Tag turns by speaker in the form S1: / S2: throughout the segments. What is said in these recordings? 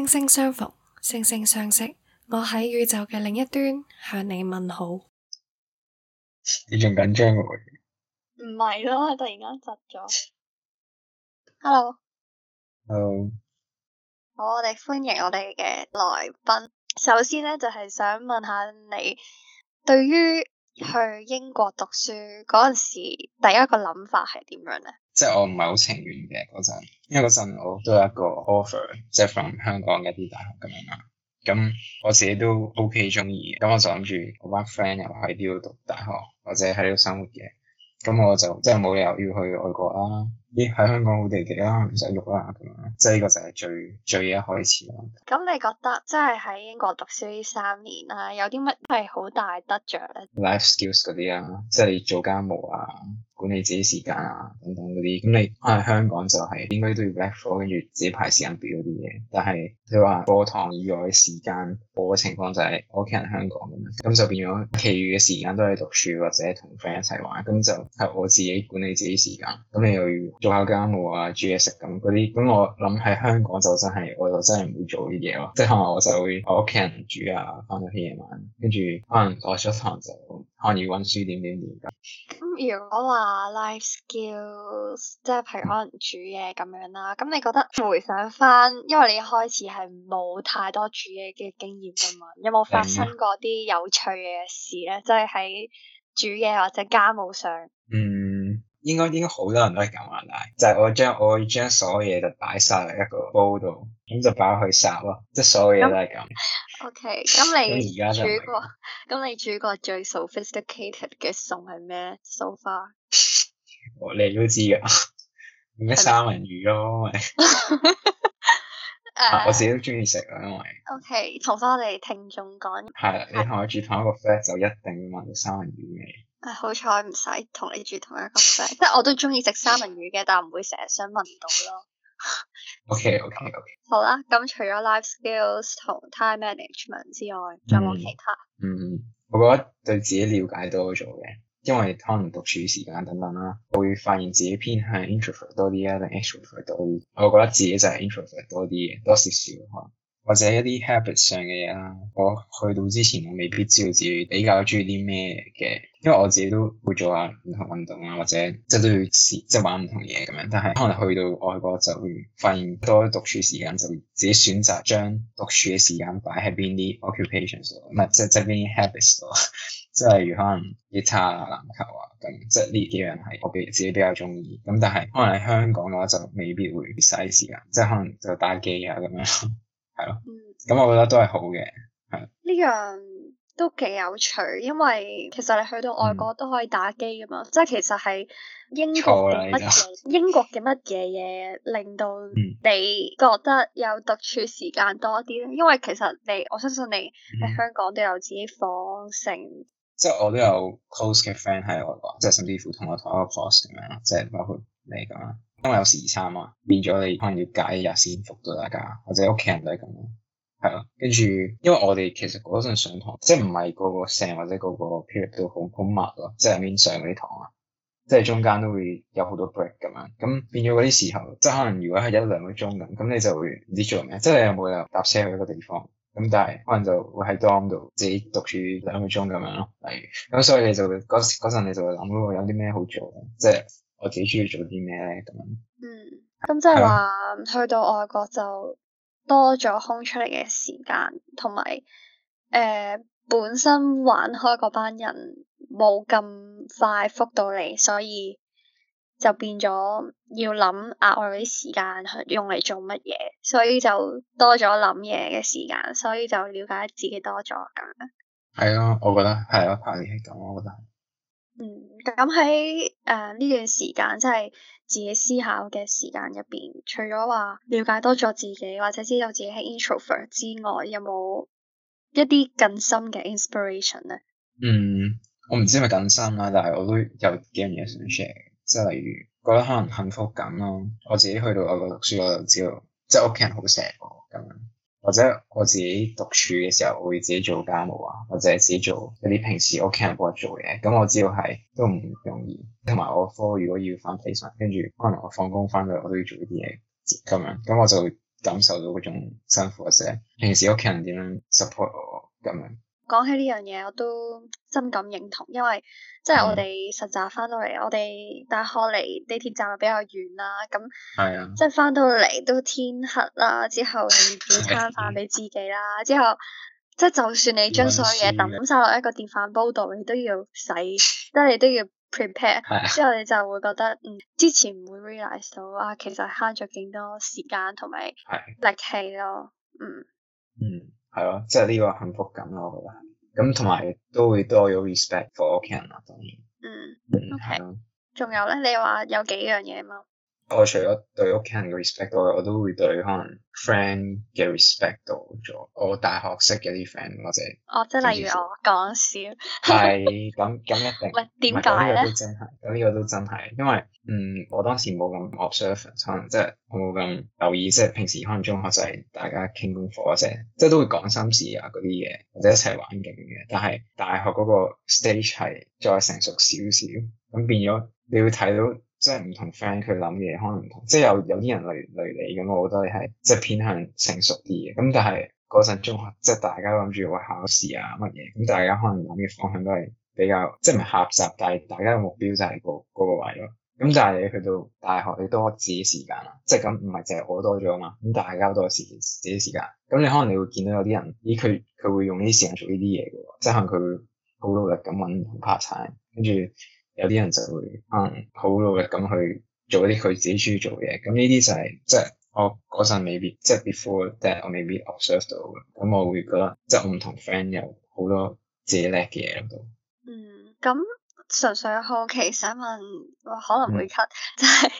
S1: 星星相逢，星星相識。我喺宇宙嘅另一端向你問好。
S2: 你仲緊張嘅
S1: 喎？唔係咯，突然間窒咗。Hello。Hello。好，我哋歡迎我哋嘅來賓。首先咧，就係想問下你，對於去英國讀書嗰陣時，第一個諗法係點樣咧？
S2: 即係我唔係好情願嘅嗰陣，因為嗰陣我都有一個 offer，即係 from 香港一啲大學咁樣啦。咁我自己都 OK 中意，咁我就諗住我班 friend 又喺呢度讀大學，或者喺呢度生活嘅，咁我就即係冇理由要去外國啦，咦，喺香港好地地啦，唔使喐啦咁樣。即係呢個就係最最一開始啦。
S1: 咁你覺得即係喺英國讀書呢三年啦，有啲乜係好大得着咧
S2: ？Life skills 嗰啲啊，即係做家務啊。管理自己時間啊，等等嗰啲，咁你可能香港就係、是、應該都要 ref 可，跟住自己排時間表啲嘢。但係你話課堂以外時間，我嘅情況就係我屋企人香港咁樣，咁就變咗其餘嘅時間都係讀書或者同 friend 一齊玩，咁就係我自己管理自己時間。咁你又要做下家務啊，煮嘢食咁嗰啲，咁我諗喺香港就真係，我就真係唔會做啲嘢咯。即係可能我就會我屋企人煮啊，翻到去夜晚，跟住可能我出堂就可能要溫書點點點，點。
S1: 如果話 life skills，即係譬如可能煮嘢咁樣啦，咁你覺得回想返，因為你一開始係冇太多煮嘢嘅經驗㗎嘛，有冇發生過啲有趣嘅事咧？即係喺煮嘢或者家務上。
S2: 嗯應該應該好多人都係咁啊，但係就係我將我將所有嘢就擺晒喺一個煲度，咁就擺去烚咯，即係所有嘢都係咁。
S1: OK，咁你煮過， 咁、嗯、你煮過最 sophisticated 嘅餸係咩？so far，
S2: 我你都知㗎，咩三文魚咯、
S1: 啊嗎啊，我自己都
S2: 中意食啊，因為
S1: OK，同翻我哋聽眾講，
S2: 係、嗯、你同我住同一個 flat 就一定會聞到三文魚味。
S1: 哎、好彩唔使同你住同一個房，即係 我都中意食三文魚嘅，但唔會成日想聞到
S2: 咯。O K，O K，O
S1: K，好啦。咁除咗 life skills 同 time management 之外，仲
S2: 有冇其他？嗯，嗯，我覺得對自己了解多咗嘅，因為可能讀書時間等等啦，我會發現自己偏向 introvert 多啲啊，定 extrovert 多啲。我覺得自己就係 introvert 多啲嘅，多少少可能。或者一啲 habit 上嘅嘢啦，我去到之前我未必知道自己比較中意啲咩嘅，因為我自己都會做下唔同運動啊，或者即係都要試即係、即係、玩唔同嘢咁樣。但係可能去到外國就會發現多讀書時間，就自己選擇將讀書嘅時間擺喺邊啲 occupations 度，唔係即係即係邊啲 habit 度，即 係如可能吉他啊、籃球啊咁，即係呢幾樣係我嘅自己比較中意。咁但係可能喺香港嘅話就未必會嘥時間，即、就、係、係、可能就打機啊咁樣。係咯，咁、嗯嗯、我覺得都係好嘅，
S1: 係。呢樣都幾有趣，因為其實你去到外國都可以打機㗎嘛，嗯、即係其實係英國嘅乜嘢，了英國嘅乜嘢嘢令到你覺得有獨處時間多啲咧？因為其實你我相信你喺香港都有自己坊成，
S2: 即係我都有 close 嘅 friend 喺外國，即係甚至乎同我同一個 course 咁樣即係包括你咁講。因為有時差啊，變咗你可能要隔一日先復到大家，或者屋企人都係咁咯，係咯。跟住，因為我哋其實嗰陣上堂，即係唔係嗰個 session 或者嗰個 period 都好好密咯，即係面上嗰啲堂啊，即係中間都會有好多 break 咁樣，咁變咗嗰啲時候，即係可能如果係一兩個鐘咁，咁你就會唔知做咩，即係又冇搭車去一個地方，咁但係可能就會喺 room 度自己讀書兩個鐘咁樣咯，係，咁所以你就嗰嗰陣你就諗到有啲咩好做，即係。我自己中意做啲咩咧咁樣？嗯，
S1: 咁即係話去到外國就多咗空出嚟嘅時間，同埋誒本身玩開嗰班人冇咁快復到你，所以就變咗要諗額外啲時間用嚟做乜嘢，所以就多咗諗嘢嘅時間，所以就了解自己多咗咁樣。
S2: 係咯、啊，我覺得係咯、啊，拍戲咁，我覺得
S1: 嗯，咁喺誒呢段時間即係、就是、自己思考嘅時間入邊，除咗話了解多咗自己，或者知道自己係 introvert 之外，有冇一啲更深嘅 inspiration 咧？
S2: 嗯，我唔知係咪更深啦，但係我都有幾樣嘢想 share，即係例如覺得可能幸福感咯。我自己去到外國讀書，我就知道即係屋企人好錫我咁樣。或者我自己獨處嘅時候，我會自己做家務啊，或者自己做一啲平時屋企人幫我做嘢，咁我知道係都唔容易，同埋我科如果要返體晨，跟住可能我放工翻去，我都要做呢啲嘢咁樣。咁我就會感受到嗰種辛苦或者平時屋企人點樣 support 我咁樣。
S1: 講起呢樣嘢，我都深感認同，因為、嗯、即係我哋實習翻到嚟，我哋大學離地鐵站比較遠啦，咁、嗯、即係翻到嚟都天黑啦，之後又要煮餐飯俾自己啦， 之後即係就算你將所有嘢抌晒落一個電飯煲度，你都要洗，即係你都要 prepare，嗯、之後你就會覺得，嗯，之前唔會 realize 到啊，其實慳咗幾多時間同埋力氣咯，嗯。嗯
S2: 係咯，即係呢個幸福感咯，我覺得。咁同埋都會多咗 respect for 屋企人咯，當然。嗯。係、okay.
S1: 仲有咧，你話有幾樣嘢嘛？
S2: 我除咗對屋企人嘅 respect 到，我都會對可能 friend 嘅 respect 到咗。我大學識嘅啲 friend 或者
S1: 哦，即係例如我講笑，係
S2: 咁咁一定。唔係點解咧？咁呢個都真係，咁呢個都真係，因為嗯，我當時冇咁 observance，可能即係冇咁留意，即係平時可能中學就係大家傾功課啫，即係都會講心事啊嗰啲嘢，或者一齊玩緊嘅。但係大學嗰個 stage 係再成熟少少，咁變咗你要睇到。即係唔同 friend 佢諗嘅嘢可能唔同，即係有有啲人類類你咁，我覺得你係即係偏向成熟啲嘅。咁但係嗰陣中學，即係大家諗住話考試啊乜嘢，咁大家可能諗嘅方向都係比較即係唔係狹窄，但係大家嘅目標就係、嗰個、嗰個位咯。咁但係你去到大學，你多自己時間啦，即係咁唔係淨係我多咗啊嘛，咁大家多自己，自己時間，咁你可能你會見到有啲人，咦佢佢會用呢啲時間做呢啲嘢嘅，即係佢好努力咁搵 part time，跟住。有啲人就會可能好努力咁去做一啲佢自己中意做嘅嘢，咁呢啲就係、是、即係我嗰陣未必，即係 before that 我未必 observe 到嘅，咁我會覺得即係我唔同 friend 有好多自己叻嘅嘢喺度。嗯，
S1: 咁純粹好奇想問，我可能會 cut，即係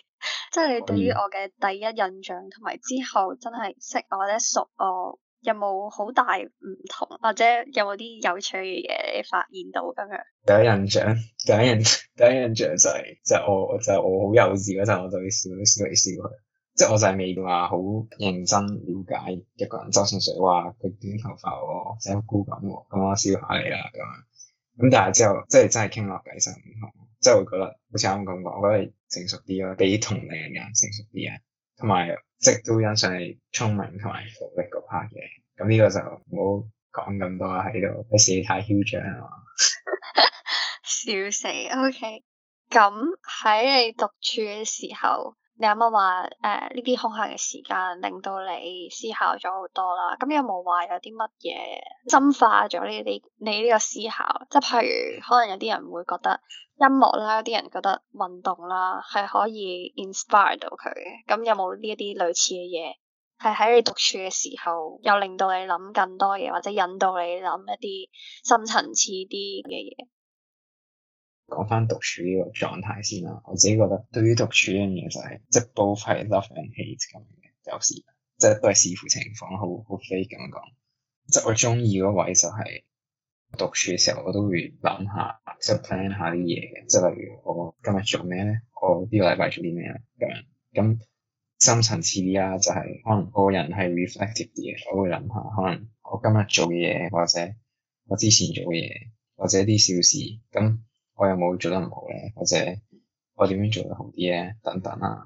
S1: 即係你對於我嘅第一印象同埋之後真係識我咧熟我，有冇好大唔同，或者有冇啲有，有趣嘅嘢發現到咁樣？
S2: 第一印象，第一印，第一印象就係、是，就是、我，就是、我好幼稚嗰陣，就是、我就會笑，笑嚟笑去，即係我就係未話好認真了解一個人。就純粹話佢短頭髮喎，就是，即係孤感喎，咁我笑下你啦咁樣。咁但係之後，即係真係傾落偈就唔同，即係會覺得好似啱啱咁講，剛剛我覺得成熟啲咯，比同齡人成熟啲啊。同埋，即都欣賞你聰明同埋努力嗰 part 嘅，咁呢個就唔好講咁多啦喺度，不是你太囂張啊嘛，
S1: 笑死，OK，咁喺你讀書嘅時候。你啱啱話誒呢啲空閒嘅時間令到你思考咗好多啦？咁有冇話有啲乜嘢深化咗呢啲你呢個思考？即係譬如可能有啲人會覺得音樂啦，有啲人覺得運動啦係可以 inspire 到佢嘅。咁有冇呢一啲類似嘅嘢係喺你讀書嘅時候又令到你諗更多嘢，或者引導你諗一啲深層次啲嘅嘢？
S2: 講翻獨處呢個狀態先啦，我自己覺得對於獨處呢樣嘢就係、是、即係 both 係 love and hate 咁嘅，有時即係都係視乎情況，好好 fit 咁講。即係我中意嗰位就係獨處嘅時候，我都會諗下，即係 plan 下啲嘢嘅，即係例如我今日做咩咧，我呢個禮拜做啲咩啦咁樣。咁深層次啲啦、就是，就係可能個人係 reflective 啲嘢，我會諗下可能我今日做嘢或者我之前做嘢或者啲小事咁。我有冇做得唔好咧？或者我點樣做得好啲咧？等等啦、啊。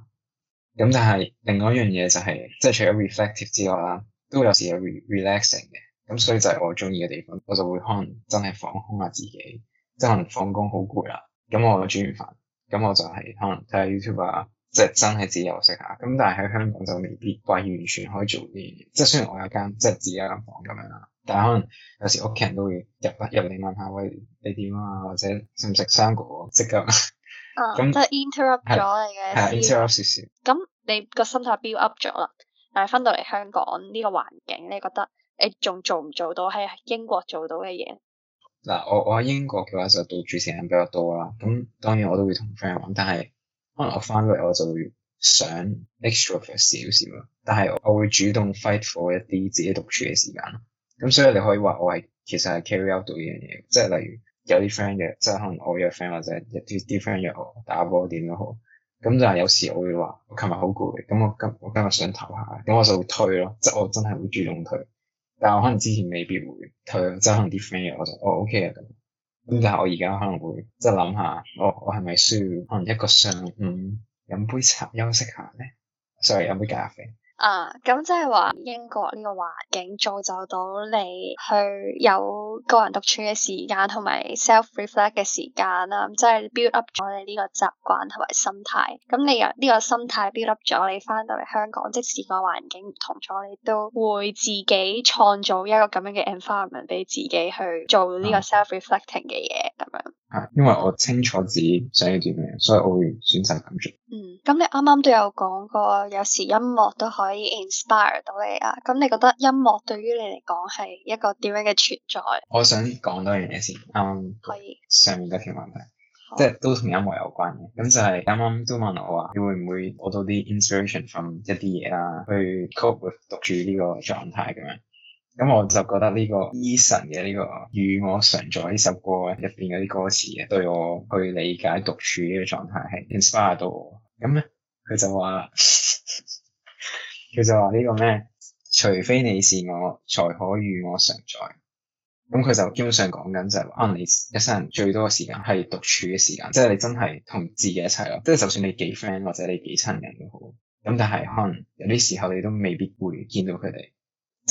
S2: 咁但係另外一樣嘢就係、係，即、就、係、係、除咗 reflective 之外啦，都有時有 re, relaxing 嘅。咁所以就係我中意嘅地方，我就會可能真係放空下自己，即係可能放工好攰啦，咁我煮完飯，咁我就係可能睇下 YouTube 啊。即係真係自己休息下，咁但係喺香港就未必話完全可以做啲嘢。即係雖然我有間即係自己間房咁樣啦，但係可能有時屋企人都會入入嚟問下，喂，你點啊，或者食唔食生果啊， 那即刻，
S1: 咁就 interrupt 咗你嘅係啊 interrupt 少少。咁你個心態 build up 咗啦，但係翻到嚟香港呢個環境，你覺得你仲做唔做到喺英國做到嘅嘢？
S2: 嗱、啊，我我喺英國嘅話就獨處時間比較多啦，咁當然我都會同 friend 玩，但係。可能我翻到嚟我就會想 extra few 少少咯，但係我會主動 fight for 一啲自己獨處嘅時間。咁所以你可以話我係其實係 carry out 到呢樣嘢，即係例如有啲 friend 嘅，即係可能我約 friend 或者啲 friend 約我打波點都好。咁但係有時我會話我琴日好攰，咁我，我今我今日想唞下，咁我就會推咯，即係我真係好注重推。但係我可能之前未必會推，即係可能啲 friend 約我就哦 OK 啊咁。咁但係我而家可能會即係諗下，我我係咪需要可能一個上午飲杯茶休息下咧
S1: ，sorry 飲杯咖啡？啊，咁即係話英國呢個環境造就到你去有個人獨處嘅時間，同埋 self reflect 嘅時間啦，即係 build up 咗你呢個習慣同埋心態。咁你由呢個心態 build up 咗，你翻到嚟香港，即使個環境唔同咗，你都會自己創造一個咁樣嘅 environment 俾自己去做呢個 self reflecting 嘅嘢咁樣。
S2: 因為我清楚自己想要點樣，所以我會選擇咁做。嗯，
S1: 咁你啱啱都有講過，有時音樂都可以 inspire 到你啊。咁你覺得音樂對於你嚟講係一個點樣嘅存在？
S2: 我想講多樣嘢先，啱。啱，可以。上面嗰條問題，即係都同音樂有關嘅。咁好就係啱啱都問我話，你會唔會攞到啲 inspiration from 一啲嘢啊，去 cope with 讀住呢個狀態咁樣？咁我就覺得呢個 Eason 嘅呢、呢個《與我常在》呢首歌入邊嗰啲歌詞嘅，對我去理解獨處嘅狀態係 inspire 到我。咁咧，佢就話，佢 就話呢個咩，除非你是我，才可與我常在。咁佢就基本上講緊就係話，可能你一生人最多嘅時間係獨處嘅時間，即係你真係同自己一齊咯。即係就算你幾 friend 或者你幾親人都好，咁但係可能有啲時候你都未必會見到佢哋。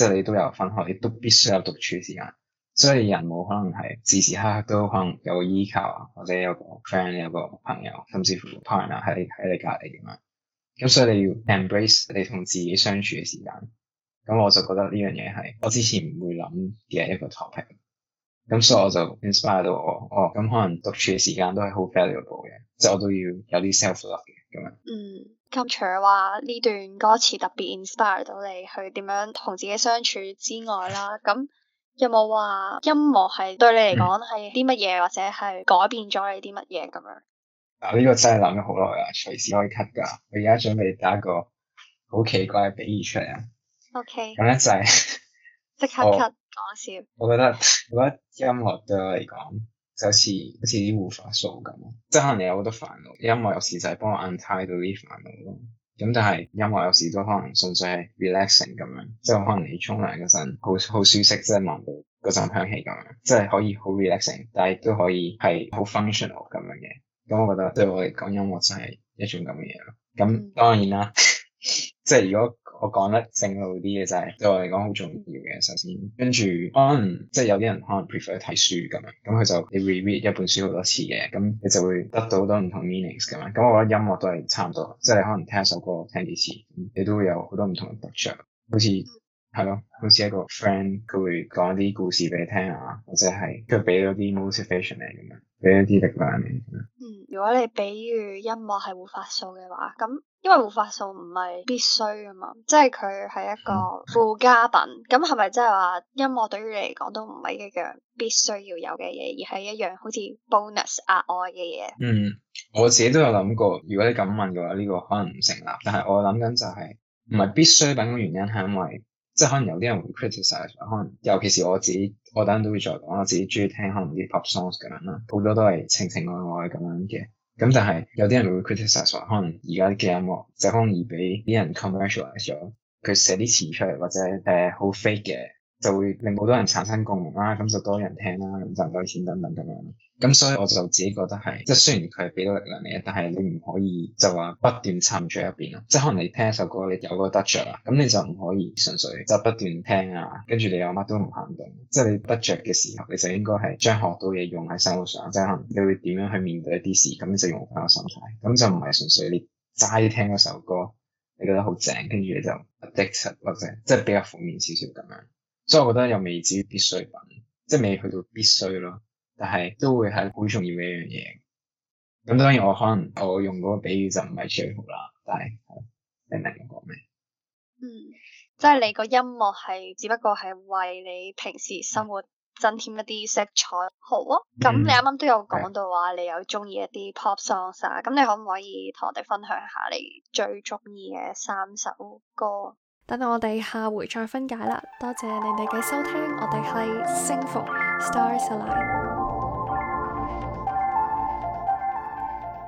S2: 即係你都有分學，亦都必須有獨處時間。所以人冇可能係時時刻刻都可能有依靠啊，或者有個 friend、有個朋友，甚至乎 partner 喺你喺你隔離咁樣。咁所以你要 embrace 你同自己相處嘅時間。咁我就覺得呢樣嘢係我之前唔會諗嘅一個 topic。咁所以我就 inspire 到我，哦，咁可能獨處嘅時間都係好 valuable 嘅，即係我都要有啲 self love 嘅。咁樣。
S1: 嗯。咁除咗話呢段歌詞特別 inspire 到你去點樣同自己相處之外啦，咁有冇話音樂係對你嚟講係啲乜嘢，嗯、或者係改變咗你啲乜嘢咁樣？
S2: 嗱、啊，呢、呢個真係諗咗好耐啊，隨時可以 cut 噶。我而家準備打一個好奇怪嘅比喻出嚟啊。
S1: O Okay , K、就係。咁一
S2: 就
S1: 即刻 cut，講我笑。
S2: 我覺得，我覺得音樂對我嚟講。就似好似啲護髮素咁，即係可能你有好多煩惱，音樂有時就係幫我 untie 啲煩惱咯。咁但係音樂有時都可能純粹係 relaxing 咁樣，即係可能你沖涼嗰陣好好舒適，即係聞到嗰陣香氣咁樣，即係可以好 relaxing，但係都可以係好 functional 咁樣嘅。咁我覺得對我嚟講，音樂就係一種咁嘅嘢囉。咁當然啦， 即係如果。我講得正路啲嘅就係、是、對我嚟講好重要嘅。首先，跟住可能即係有啲人可能 prefer 睇書咁樣，咁、嗯、佢就你 reread 一本書好多次嘅，咁、嗯、你就會得到好多唔同 meanings 咁樣。咁、嗯、我覺得音樂都係差唔多，即係可能聽首歌聽幾次、嗯，你都會有好多唔同嘅得著。好似係咯，好似一個 friend 佢會講啲故事俾你聽啊，或者係佢俾咗啲 motivation 嚟咁樣，俾一啲力量你。嗯，
S1: 如果你比喻音樂係會發數嘅話，咁。因為護髮素唔係必須噶嘛，即係佢係一個附加品。咁係咪即係話音樂對於你嚟講都唔係一樣必須要有嘅嘢，而係一樣好似 bonus 額外嘅嘢？
S2: 嗯，我自己都有諗過，如果你咁問嘅話，呢個可能唔成立。但係我諗緊就係唔係必需品嘅原因係因為，即係可能有啲人會 criticise，可能尤其是我自己，我等陣都會再講，我自己中意聽可能啲 pop songs 咁樣啦，好多都係情情愛愛咁樣嘅。咁但係有啲人會 criticize 話，可能而家嘅音樂即係好容易畀啲人 commercialize 咗，佢寫啲詞出嚟或者誒好 fake 嘅。就會令好多人產生共鳴啦，咁就多人聽啦，咁就攞錢等等咁樣。咁所以我就自己覺得係，即係雖然佢係俾到力量嚟嘅，但係你唔可以就話不斷沉著入邊咯。即係可能你聽一首歌，你有嗰個得着啦，咁你就唔可以純粹就不斷聽啊，跟住你又乜都唔肯定，即係你得着嘅時候，你就應該係將學到嘢用喺生活上，即可能你會點樣去面對一啲事，咁你就用翻個心態，咁就唔係純粹你齋聽一首歌，你覺得好正，跟住你就 addicted 或者即係比較負面少少咁樣。所以我覺得又未至於必需品，即係未去到必須咯，但係都會係好重要嘅一樣嘢。咁當然我可能我用嗰個比喻就唔係最好啦，但係你明我講咩？嗯，
S1: 即係你個音樂係只不過係為你平時生活增添一啲色彩好，好啊、嗯。咁你啱啱都有講到話你有中意一啲 pop songs 啊的，咁你可唔可以同我哋分享下你最中意嘅三首歌？等我哋下回再分解啦！多謝你哋嘅收聽，我哋係星服 Starsline。